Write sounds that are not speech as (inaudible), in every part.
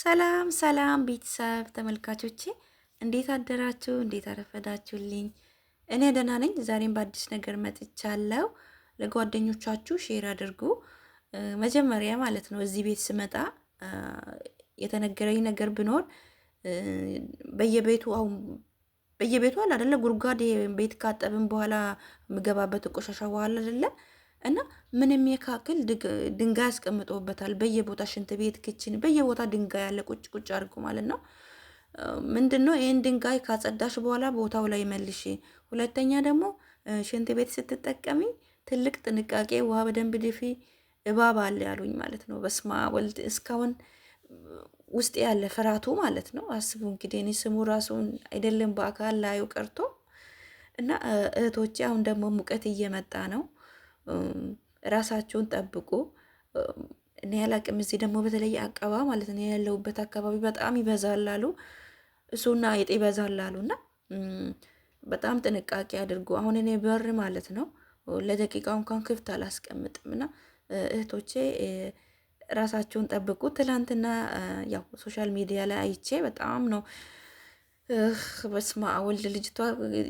ሰላም ሰላም ቤተሰብ ተመልካቾቼ እንዴት አደራችሁ? እንዴት አረፈዳችሁልኝ? እኔ ደህና ነኝ። ዛሬም በአዲስ ነገር መጥቻለሁ። ለጓደኞቻችሁ ሼር አድርጉ። መጀመሪያ ማለት ነው እዚህ ቤት ስመጣ የተነገረኝ ነገር ብኖር በየቤቱ አሁን በየቤቱ አለ አይደለ ጉድጓድ ቤት ካጠብን በኋላ የምገባበት ቆሻሻ በኋላ አደለ እና ምንም የካክል ድንጋይ አስቀምጦበታል። በየቦታ ሽንት ቤት፣ ክችን በየቦታ ድንጋይ ያለ ቁጭ ቁጭ አድርጎ ማለት ነው። ምንድን ነው ይህን ድንጋይ ካጸዳሽ በኋላ ቦታው ላይ መልሽ። ሁለተኛ ደግሞ ሽንት ቤት ስትጠቀሚ ትልቅ ጥንቃቄ፣ ውሃ በደንብ ድፊ። እባብ አለ ያሉኝ ማለት ነው። በስማ ወልድ እስካሁን ውስጥ ያለ ፍርሃቱ ማለት ነው። አስቡ እንግዲህ እኔ ስሙ ራሱን አይደለም በአካል ላዩ ቀርቶ እና እህቶቼ አሁን ደግሞ ሙቀት እየመጣ ነው። ራሳቸውን ጠብቁ። እኔ ያላቅም እዚህ ደግሞ በተለይ አቀባ ማለት ነው ያለሁበት አካባቢ በጣም ይበዛል አሉ እሱና የጤ ይበዛል አሉ እና በጣም ጥንቃቄ አድርጉ። አሁን እኔ በር ማለት ነው ለደቂቃ እንኳን ክፍት አላስቀምጥም እና እህቶቼ ራሳቸውን ጠብቁ። ትላንትና ያው ሶሻል ሚዲያ ላይ አይቼ በጣም ነው በስማ ወልድ ልጅቷ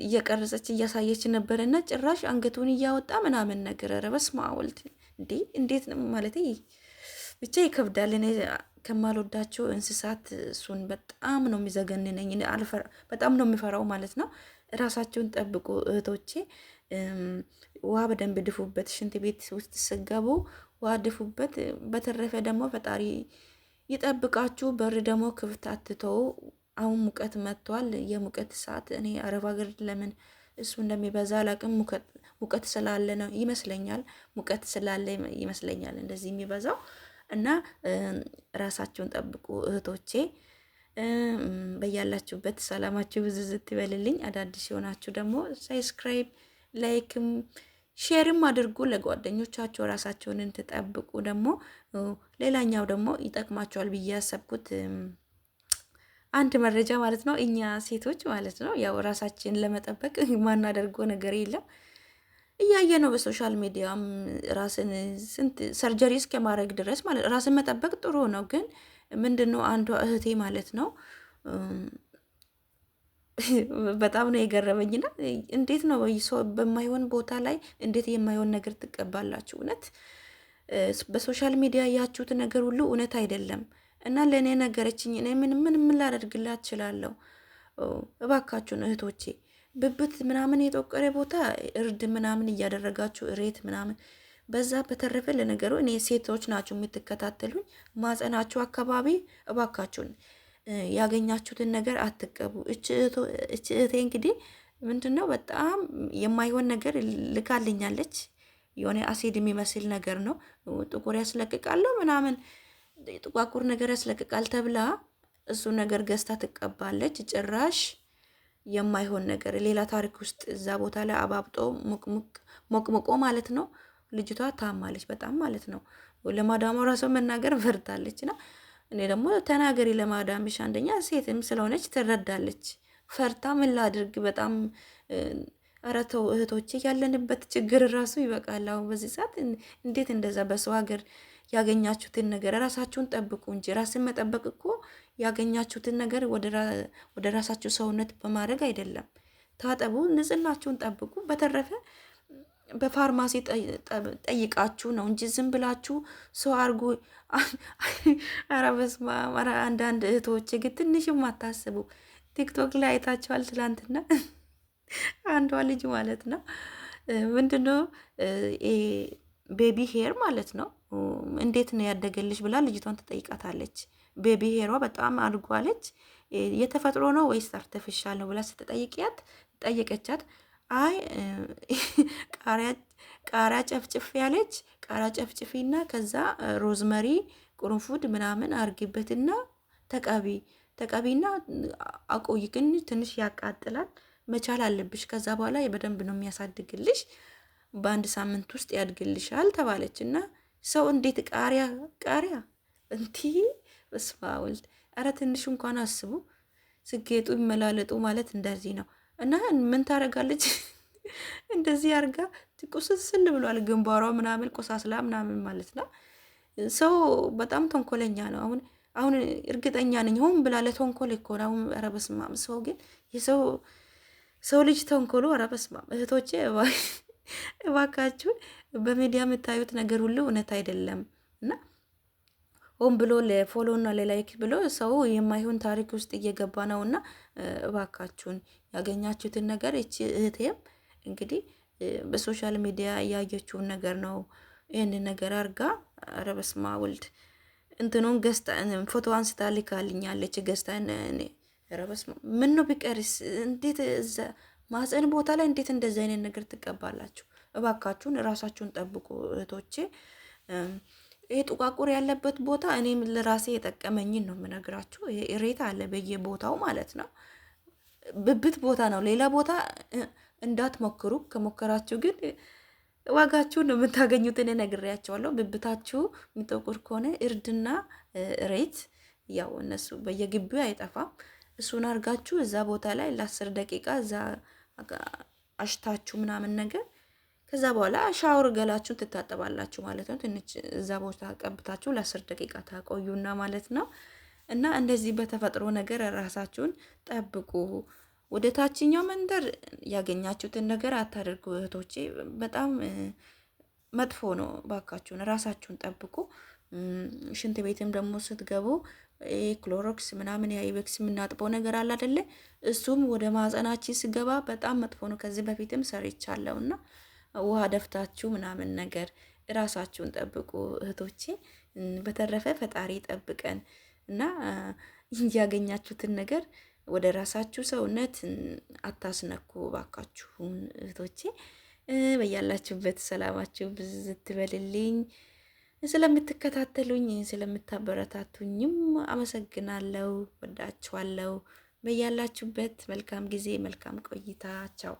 እየቀረጸች እያሳየች ነበረና ጭራሽ አንገቱን እያወጣ ምናምን ነገር በስማ ወልድ እንዴ! እንዴት ማለት ብቻ ይከብዳል። እኔ ከማልወዳቸው እንስሳት እሱን በጣም ነው የሚዘገንነኝ። በጣም ነው የሚፈራው ማለት ነው። ራሳቸውን ጠብቁ እህቶቼ። ውሃ በደንብ ድፉበት። ሽንት ቤት ውስጥ ስገቡ ውሃ ድፉበት። በተረፈ ደግሞ ፈጣሪ ይጠብቃችሁ። በር ደግሞ ክፍት አትተው። አሁን ሙቀት መጥቷል። የሙቀት ሰዓት እኔ አረብ ሀገር ለምን እሱ እንደሚበዛ አላቅም። ሙቀት ስላለ ነው ይመስለኛል። ሙቀት ስላለ ይመስለኛል እንደዚህ የሚበዛው እና ራሳችሁን ጠብቁ እህቶቼ። በያላችሁበት ሰላማችሁ ብዙ ዝት ይበልልኝ። አዳዲስ የሆናችሁ ደግሞ ሳብስክራይብ፣ ላይክም ሼርም አድርጉ ለጓደኞቻችሁ። ራሳችሁን ትጠብቁ ደግሞ ሌላኛው ደግሞ ይጠቅማችኋል ብዬ ያሰብኩት አንድ መረጃ ማለት ነው። እኛ ሴቶች ማለት ነው ያው ራሳችን ለመጠበቅ ማናደርገው ነገር የለም። እያየ ነው በሶሻል ሚዲያም ራስን ስንት ሰርጀሪ እስከ ማድረግ ድረስ ማለት ራስን መጠበቅ ጥሩ ነው። ግን ምንድነው አንዷ እህቴ ማለት ነው በጣም ነው የገረመኝና እንዴት ነው ሰው በማይሆን ቦታ ላይ እንዴት የማይሆን ነገር ትቀባላችሁ? እውነት በሶሻል ሚዲያ ያችሁት ነገር ሁሉ እውነት አይደለም። እና ለእኔ ነገረችኝ። እኔ ምን ምን ላደርግላት እችላለሁ? እባካችሁን እህቶቼ ብብት ምናምን የጠቆረ ቦታ እርድ ምናምን እያደረጋችሁ እሬት ምናምን በዛ። በተረፈ ለነገሩ እኔ ሴቶች ናችሁ የምትከታተሉኝ ማጸናችሁ አካባቢ እባካችሁን ያገኛችሁትን ነገር አትቀቡ። እች እህቴ እንግዲህ ምንድን ነው በጣም የማይሆን ነገር ልካልኛለች። የሆነ አሲድ የሚመስል ነገር ነው ጥቁር ያስለቅቃለሁ ምናምን ጥቋቁር ነገር ያስለቅቃል ተብላ እሱ ነገር ገዝታ ትቀባለች። ጭራሽ የማይሆን ነገር ሌላ ታሪክ ውስጥ እዛ ቦታ ላይ አባብጦ ሞቅሞቆ ማለት ነው። ልጅቷ ታማለች በጣም ማለት ነው። ለማዳሟ ራሷ መናገር ፈርታለች። ና እኔ ደግሞ ተናገሪ ለማዳምሽ፣ አንደኛ ሴትም ስለሆነች ትረዳለች። ፈርታ ምን ላድርግ በጣም ረተው እህቶቼ፣ ያለንበት ችግር ራሱ ይበቃል። አሁን በዚህ ሰዓት እንዴት እንደዛ በሰው ሀገር ያገኛችሁትን ነገር ራሳችሁን ጠብቁ እንጂ ራስን መጠበቅ እኮ ያገኛችሁትን ነገር ወደ ራሳችሁ ሰውነት በማድረግ አይደለም። ታጠቡ፣ ንጽህናችሁን ጠብቁ። በተረፈ በፋርማሲ ጠይቃችሁ ነው እንጂ ዝም ብላችሁ ሰው አርጎ ኧረ (laughs) በስመ አብ። አንዳንድ እህቶች ግን ትንሽም አታስቡ። ቲክቶክ ላይ አይታችኋል። ትላንትና (laughs) አንዷ ልጅ ማለት ነው ምንድነው ቤቢ ሄር ማለት ነው እንዴት ነው ያደገልሽ ብላ ልጅቷን ትጠይቃታለች። በብሔሯ በጣም አድጓለች። የተፈጥሮ ነው ወይስ አርተፊሻል ነው ብላ ስትጠይቅያት ጠየቀቻት። አይ ቃሪያ ጨፍጭፍ ያለች ቃሪያ ጨፍጭፊና ከዛ ሮዝመሪ ቁርንፉድ ምናምን አርጊበትና ተቀቢ ተቀቢና አቆይ፣ ግን ትንሽ ያቃጥላል መቻል አለብሽ። ከዛ በኋላ በደንብ ነው የሚያሳድግልሽ፣ በአንድ ሳምንት ውስጥ ያድግልሻል ተባለች እና ሰው እንዴት ቃሪያ ቃሪያ እንቲ በስመ አብ ወልድ። ኧረ ትንሽ እንኳን አስቡ። ስጌጡ ይመላለጡ ማለት እንደዚህ ነው። እና ምን ታደርጋለች? (laughs) እንደዚህ አርጋ ቁስስል ብሏል ግንባሯ ምናምን ቆሳስላ ምናምን ማለት ነው። ሰው በጣም ተንኮለኛ ነው። አሁን አሁን እርግጠኛ ነኝ ሆን ብላ ለተንኮል እኮ ነው። አሁን ኧረ በስመ አብ ሰው ግን የሰው ሰው ልጅ ተንኮሉ ኧረ በስመ አብ እህቶቼ እባካችሁን በሚዲያ የምታዩት ነገር ሁሉ እውነት አይደለም እና ሆን ብሎ ለፎሎ እና ለላይክ ብሎ ሰው የማይሆን ታሪክ ውስጥ እየገባ ነው እና እባካችሁን ያገኛችሁትን ነገር እቺ እህቴም እንግዲህ በሶሻል ሚዲያ እያየችውን ነገር ነው ይህንን ነገር አርጋ ኧረ በስመ አብ ወልድ እንትኑን ገዝታ ፎቶ አንስታ ልካልኛለች። ገዝታ ኧረ በስመ አብ ምን ነው ቢቀርስ? እንዴት እዛ ማህፀን ቦታ ላይ እንዴት እንደዚህ አይነት ነገር ትቀባላችሁ? እባካችሁን ራሳችሁን ጠብቁ እህቶቼ። ይሄ ጥቋቁር ያለበት ቦታ እኔም ለራሴ የጠቀመኝን ነው የምነግራችሁ። ይሄ አለ በየቦታው ማለት ነው። ብብት ቦታ ነው። ሌላ ቦታ እንዳትሞክሩ። ከሞከራችሁ ግን ዋጋችሁን የምታገኙት እኔ ነግሬያቸዋለሁ። ብብታችሁ የሚጠቁር ከሆነ እርድና ሬት ያው እነሱ በየግቢው አይጠፋም። እሱን አድርጋችሁ እዛ ቦታ ላይ ለአስር ደቂቃ እዛ አሽታችሁ ምናምን ነገር ከዛ በኋላ ሻወር ገላችሁን ትታጠባላችሁ ማለት ነው። ትንሽ እዛ ቦታ ቀብታችሁ ለአስር ደቂቃ ታቆዩና ማለት ነው። እና እንደዚህ በተፈጥሮ ነገር ራሳችሁን ጠብቁ። ወደ ታችኛው መንደር ያገኛችሁትን ነገር አታደርጉ እህቶቼ፣ በጣም መጥፎ ነው። ባካችሁን ራሳችሁን ጠብቁ። ሽንት ቤትም ደግሞ ስትገቡ ክሎሮክስ ምናምን የአይቤክስ የምናጥበው ነገር አለ አደለ? እሱም ወደ ማህፀናችን ስገባ በጣም መጥፎ ነው። ከዚህ በፊትም ሰርቻለሁና ውሃ ደፍታችሁ ምናምን ነገር እራሳችሁን ጠብቁ እህቶቼ። በተረፈ ፈጣሪ ጠብቀን እና ያገኛችሁትን ነገር ወደ ራሳችሁ ሰውነት አታስነኩ ባካችሁን እህቶቼ። በያላችሁበት ሰላማችሁ ብዝት ትበልልኝ። ስለምትከታተሉኝ ስለምታበረታቱኝም አመሰግናለሁ። ወዳችኋለሁ። በያላችሁበት መልካም ጊዜ፣ መልካም ቆይታ። ቻው